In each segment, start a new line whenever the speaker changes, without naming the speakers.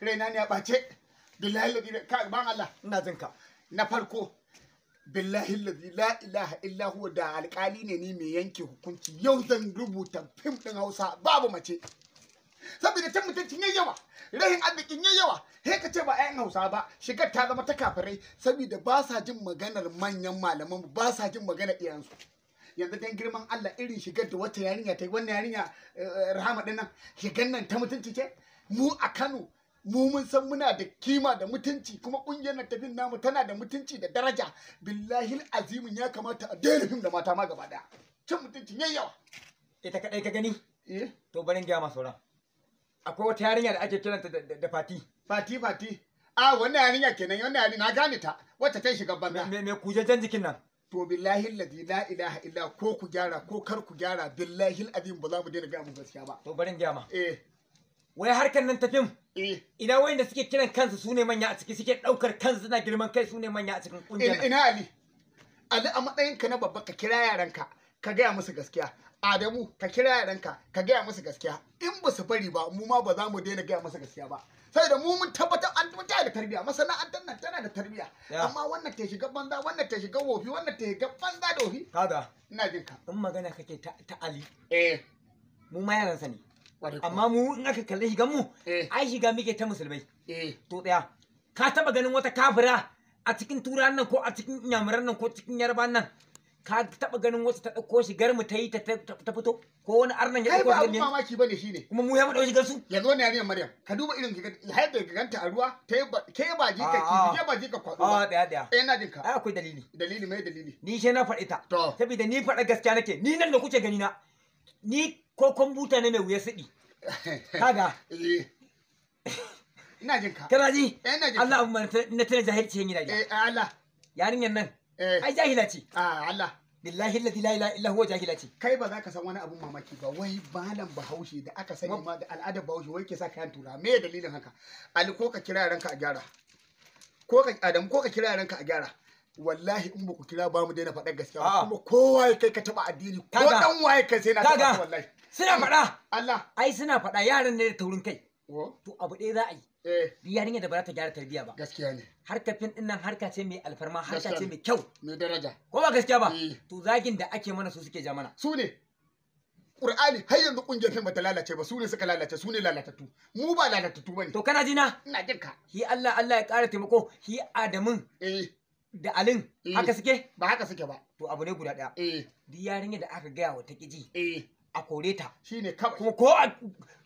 raina ne a ɓace billahi ladi ka ban Allah ina jin ka na farko billahi ladi la ilaha illa huwa da alƙali ne ni mai yanke hukunci yau zan rubuta fim din Hausa babu mace saboda ta mutuncin yayi yawa rahin arzikin yayi yawa he ka ce ba ƴan Hausa ba shigar ta zama ta kafirai saboda ba sa jin maganar manyan malaman ba sa jin maganar iyansu yanzu dan girman Allah irin shigar da wata yarinya ta yi wannan yarinya eh, eh, rahama dinnan shigar nan ta mutunci ce mu a Kano mu mun san muna da kima da mutunci kuma kungiyar na tafin namu tana da mutunci da daraja billahi azimin ya kamata a daina fim da mata ma gaba daya cin mutunci yayi yawa ita kadai ka gani eh to barin gaya ma sauran akwai wata yarinya da ake kiranta da fati fati fati a wannan yarinya kenan wannan yarinya na gane ta wacce ta shiga banza me me kujajen jikin nan to billahi alladhi la ilaha illa ko ku gyara ko kar ku gyara billahi alazim ba za mu daina ga mu gaskiya ba to barin gaya ma eh wai harkan nan ta fim Eh. Ina wayanda suke kiran kansu su ne manya a ciki suke ɗaukar kansu suna girman kai su ne manya a cikin ƙungiyar. Ina Ali, Ali a matsayinka na babba ka kira yaranka ka gaya musu gaskiya. Adamu ka kira yaranka ka gaya musu gaskiya. In ba su bari ba mu ma ba za mu daina gaya musu gaskiya ba. sai da mu mun tabbatar an ta da tarbiya masana'antar nan tana da tarbiya amma wannan ta shiga banza wannan ta shiga wofi wannan ta shiga banza da wofi Kada, ina jin ka in magana kake ta ali eh mu ma yaran sani amma mu in aka kalli shigan mu eh. ai shiga muke ta musulmai eh. to tsaya ka taba ganin wata kafira a cikin turan nan ko a cikin inyamuran nan ko cikin yarban nan ka taba ganin wata ta dauko shigar mu ta yi ta fito ko wani arnan ya dauko shigar ne ba mamaki bane shine kuma mu ya mu dauki shigar su yanzu wannan yarinyar Maryam ka duba irin ka hayar da ganta a ruwa ta ke ba ji ka ki ah, ah. ba ji ka kwado a ah, daya daya eh na jin ka akwai dalili dalili mai dalili ni she na faɗi ta saboda ni faɗa gaskiya nake ni nan da kuke gani na ni ko kwamfuta ne mai wuya siɗi kaga eh. ina jin ka kana ji eh, Allah abu na tana jahilci yin gidaje eh Allah yan nan eh. ai jahila ce ah Allah billahi lati la ilaha illa huwa jahila ce kai ba za ka san wani abun mamaki ba wai balan bahaushe da aka sani ma da al'adar bahaushe wai ke sa kayan tura me dalilin haka ali ko ka kira yaranka a gyara ko ka adam ko ka kira yaranka a gyara wallahi in baku kira ba mu daina faɗa gaskiya ba ah. kuma kowa ya kai ka taɓa addini ko dan waye kai sai na taɓa wallahi suna faɗa Allah ai suna faɗa yaran ne da taurin kai to abu ɗaya za a yi eh. yarinya da ba za ta gyara tarbiyya ba gaskiya ne harkar fin har harka ce mai alfarma harka ce mai kyau mai daraja ko ba gaskiya ba eh. to zagin da ake mana su suke ja mana su ne Qur'ani har yanzu kungiyar fim bata lalace ba su ne suka lalace su ne lalatattu mu ba lalatattu bane to kana jina ina jinka hi Allah Allah ya ƙara taimako hi Adamin eh da alin eh. haka suke ba haka suke ba to abu ne guda daya eh. duk yarinya da aka gaya wa ta kiji eh. a kore ta shine kawai kuma ko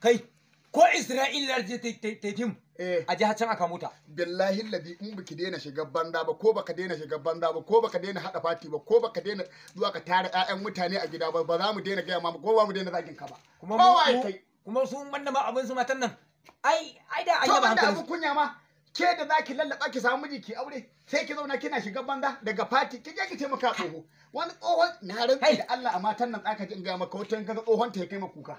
kai ko Isra'ila je ta yi fim a jihar can aka mota. Billahi ladi in baki daina shiga banda ba ko baka daina shiga banda ba ko baka daina hada fati ba ko baka daina zuwa ka tara ƴaƴan mutane a gida ba ba za mu daina gaya ma ko ba mu daina zagin ka ba. Kuma kuma su manna ma abin su matan nan. Ai ai da an yaba hankali. To banda abin kunya ma ke da za ki lallaba ki samu miji ki aure sai ki zauna kina shiga banza daga fati ki je ki taimaka tsoho wani tsohon na rantsi da Allah a matan nan zaka ji in ga maka wata kaga tsohon ta ya kai kuka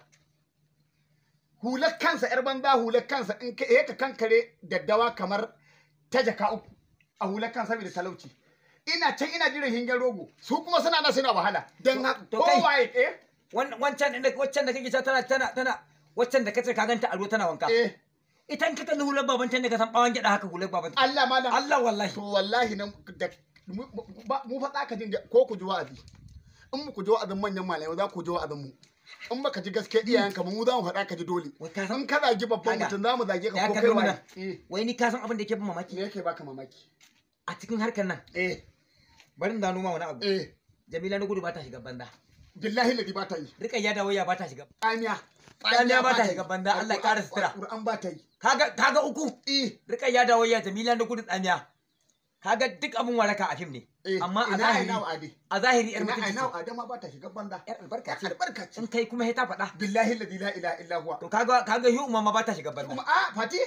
hular kansa yar banza hular kansa in ka yaka eh, kankare daddawa kamar ta jaka uku a hular kansa da talauci ina can ina jiran hingen rogo su kuma suna na suna wahala dan kowaye eh wancan da wancan da kake ta tana tana wancan da kace ka ganta a ruwa tana wanka eh idan ka tana hular babanta ne ka san bawan gida haka hular babanta Allah ma Allah wallahi to wallahi nan mu fa tsaka jin ko ku ji wa'azi in mu ku ji wa'azin manyan malamai za ku ji wa'azin mu in baka ji gaske iyayen ka mu za mu faɗa ka ji dole in ka zagi babban mutum za mu zage ka ko kai wani eh. wai ni ka san abin da yake ba mamaki me yake baka mamaki a cikin harkar nan eh bari da noma wani abu eh jamila na gudu ba ta shiga banda billahi ladi ba ta yi rika ya dawo ya ba ta shiga amiya Daliya ba ta shiga banda Allah ya kara sutura. Ƙur'an ba ta yi. Kaga kaga uku. Eh. Rika ya dawo ya Jamila na gudu tsamiya. Kaga duk abin waraka a fim ne. Eh, Amma a zahiri. A zahiri yar mutunci. Ina ina ma ba ta shiga banza. Yar albarka ce. Albarka ce. In kai kuma he ta faɗa. Billahi la ilaha illa huwa. To kaga kaga hi umma ma ba ta shiga banda. A ah, Fati.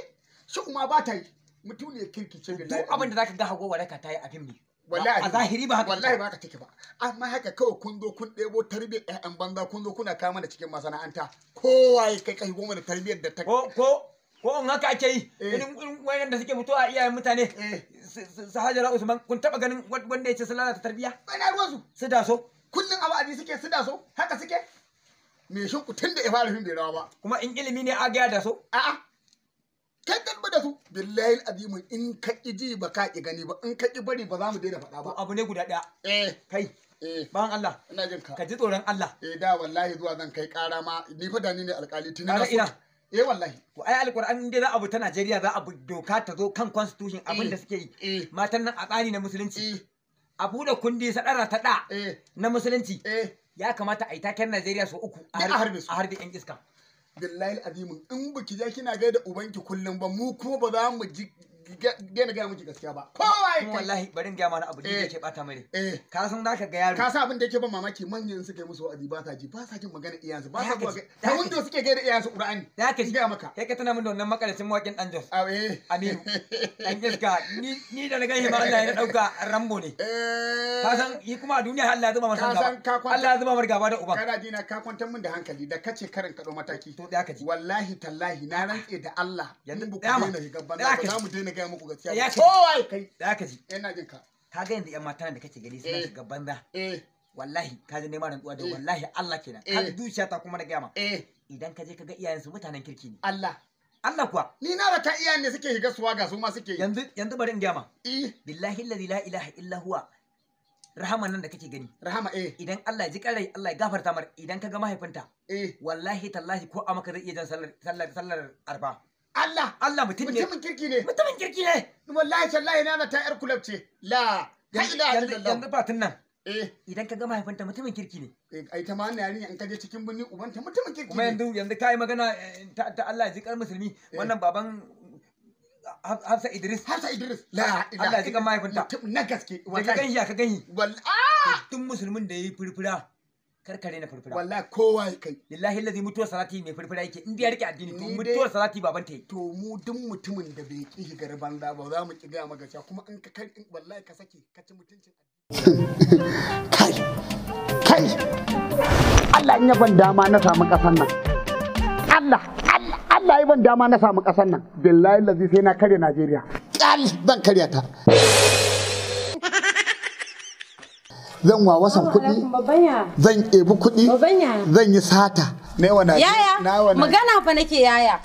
Shi umma ba ta yi. Mutum ne kirkice billahi. Duk abin da zaka ga hago waraka ta yi a fim ne. wallahi a zahiri ba haka wallahi ba haka take ba amma haka kawai kun zo kun ɗebo tarbiyyar ƴaƴan banza kun zo kuna kama da cikin masana'anta kowa ya kai kai goma da tarbiyyar da ta ko ko ko in haka ake yi eh. irin wayan da suke fitowa iyayen mutane eh. su hajara usman kun taba ganin wanda ya ce sun lalata tarbiyya bana ruwan su su da so kullun abu suke su da so haka suke me shi kutun da ya fara fin bai rawa ba kuma in ilimi ne a ga da so a'a kai ba da su billahi azimin in ka ji ba ka ki gani ba in ka ki bari ba za mu daina faɗa ba abu ne guda ɗaya eh kai eh. ban Allah ina jin ka ka ji tsoron Allah eh da wallahi zuwa zan kai ƙara ma ni fa da ni ne alƙali tuni na ina eh wallahi ko ai alƙur'an dai za abu ta Najeriya za a doka ta zo kan constitution eh. abin da suke yi eh. matan nan a tsari na musulunci a buɗe kundi sadara ta da na musulunci ya kamata a yi taken Najeriya su uku a harbe yan iska billahi azimin in baki je kina gaida ubanki kullum ba mu kuma ba za mu ji daina gaya miki gaskiya ba kowa ya wallahi bari in gaya mana abu da eh. yake bata mai eh. ka san zaka ga yaro ka san abin da yake ban mamaki manyan suke musu wa'azi ba sa ji ba sa jin magana iyansu ba sa zuwa da suke gaida iyansu qur'ani ya ka gaya maka kai ka tana min da wannan makalacin mawakin dan jos ah, eh. aminu dan gaska ni ni da na gani ma Allah ya dauka rambo ne ka san yi kuma a duniya Allah ya zuba masa gaba Allah zuba mar gaba da uban kana dina ka kwantar min da hankali da kace karin kado mataki to da ka ji wallahi tallahi na rantse da Allah yanzu ba ku daina gaban ba mu daina gaya muku gaskiya ya ce kai da ka ji eh, ina jin ka ka ga yanzu yan mata da kake gani suna eh. shiga banza eh. wallahi ka ji neman rantsuwa da wallahi Allah kenan ka zuciya ta kuma na gaya ma idan ka je ka ga iyayensu mutanen kirki ne Allah Allah kuwa ni na ta iyayen ne suke shiga suwa ga su ma suke yanzu yanzu bari in gaya ma billahi allazi la ilaha illa huwa rahama nan da kake gani rahama eh idan Allah ya ji karai Allah ya gafarta mar idan ka ga mahaifinta eh wallahi tallahi ko a maka zai iya jan sallar sallar sallar arfa Allah Allah mutum ne mutumin kirki ne mutumin kirki ne wallahi sallahi na ta yar kulab ce la yanzu yanzu fatin nan eh idan ka ga mahaifinta mutumin kirki ne eh ai ta ma yarinya in ka je cikin birni ubanta mutumin kirki ne kuma yanzu yanzu kai magana eh, ta Allah ya ji kar musulmi eh. wannan baban Hafsa Idris. Hafsa Idris. La Allah ya ga kan mahaifinta. Na gaske. Ka ganyi ka ganyi. Wallahi. Tun musulmin da yayi furfura. kar ka furfura wallahi kowa ya kai lillahi allazi mutuwar salati mai furfura yake in ya rike addini to mutuwar salati baban ta yi to mu duk mutumin da bai ki shigar banza ba za mu ki ga magaca kuma in ka kai wallahi ka saki ka ci mutuncin kai kai Allah in ya ban dama na samu kasan nan Allah Allah Allah ya ban dama na samu kasan nan billahi allazi sai na kare Najeriya kai ban kare ta zan wawasan kuɗi zan ebi kuɗi zan yi sata yaya magana fa nake yaya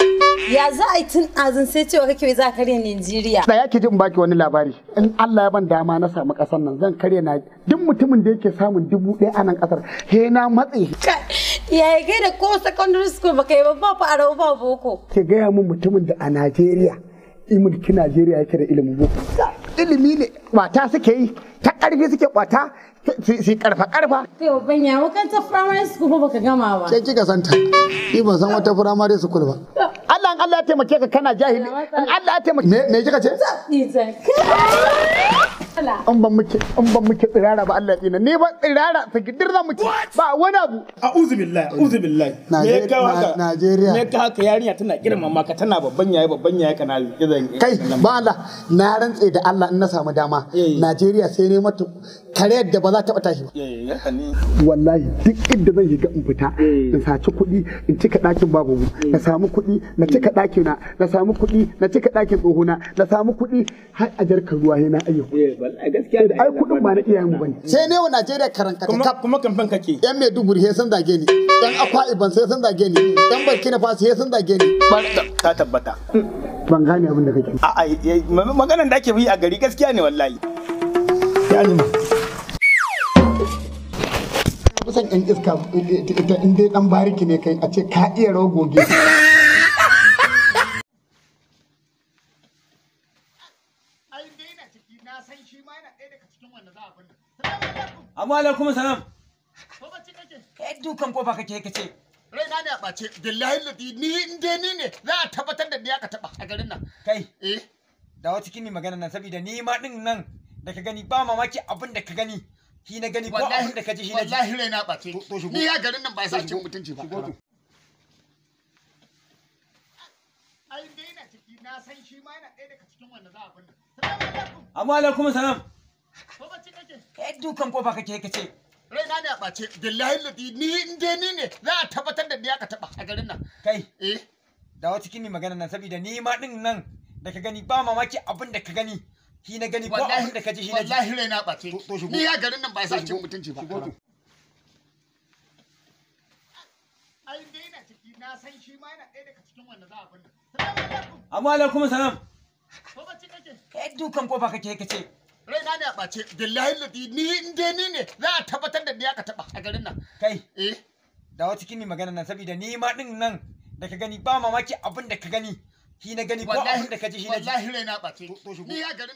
ya za a yi tun azin sai cewa kake za ka karya Najeriya da yake jin baki wani labari in Allah ya ban dama na samu kasar nan zan karya na duk mutumin da yake samun dubu ɗaya a nan kasar he na ya yaya gai da ko secondary school baka yi ba fa arau ba boko ke gaya min mutumin da a Najeriya imulki Najeriya yake da ilimin boko ilimi ne kwata suke yi ta ƙarfi suke kwata si karfa karfa kai babban ya primary school ba baka gama ba sai kika san wata primary school ba Allah in Allah ya taimake ka kana jahili in Allah ya taimake me kika ce an ban muke an ban muke tsirara ba Allah tsina ni ba tsirara ta gidir na muke ba wani abu A billahi a'udhu billahi me ya Najeriya me ya haka yarinya tana girmama ka tana babban yayi babban yayi kana idan kai ba Allah na rantse da Allah in na samu dama Najeriya sai ne mata kare yadda ba za ta bata shi ba wallahi duk inda zan shiga in fita in saci kuɗi in cika ɗakin babu na samu kuɗi na cika ɗakina na samu kuɗi na cika ɗakin tsohona na samu kuɗi har a jarkar ruwa na ayyuka ai kudin ba na iyayen mu bane sai ne wa Najeriya kuma kamfan kake yan Maiduguri sai sun zage ni yan Akwa Iban sai ni yan Burkina Faso sai sun ni ta tabbata ban gane abin da kake a'a maganar da ake yi a gari gaskiya ne wallahi ya kusan yan iska in dai dan bariki ne kai a ce ka iya rawa goge ai dai na ciki na san salam kake dukan kofa kake kace na ne a ɓace billahi ladi ni in dai ni ne za a tabbatar da ni aka taba a garin nan kai eh da wata kini magana nan saboda ni ma din nan da ka gani ba mamaki abin da ka gani shi na gani ko abin da ka ji shi na ji wallahi raina ɓace ni a garin nan ba ya sa cin mutunci ba ai dai na san shi ma yana ɗaya daga cikin wanda za a kunna. amma kuma salam ko bacci kake dukan kofa kake kace na ne a ɓace billahi ladi ni in dai ni ne za a tabbatar da ni aka taɓa a garin nan kai eh da cikin kini magana nan saboda ni ma din nan da ka gani ba mamaki abin da ka gani shi na gani ko abin da ka ji shi na ji wallahi raina ɓace ni a garin nan ba sa cin mutunci ba ai dai na ciki na san shi Amma alaikum salam. Kai dukan kofa kake kace. Raina ne a ɓace, billahi ladi ni in dai ni ne za a tabbatar da ni aka taɓa a garin nan. Kai. Eh. Dawo cikin ni magana nan saboda ni ma ɗin nan da ka gani ba mamaki abin da ka gani. Shi na gani ko abin da ka ji shi na ji. Wallahi raina ɓace. Ni a garin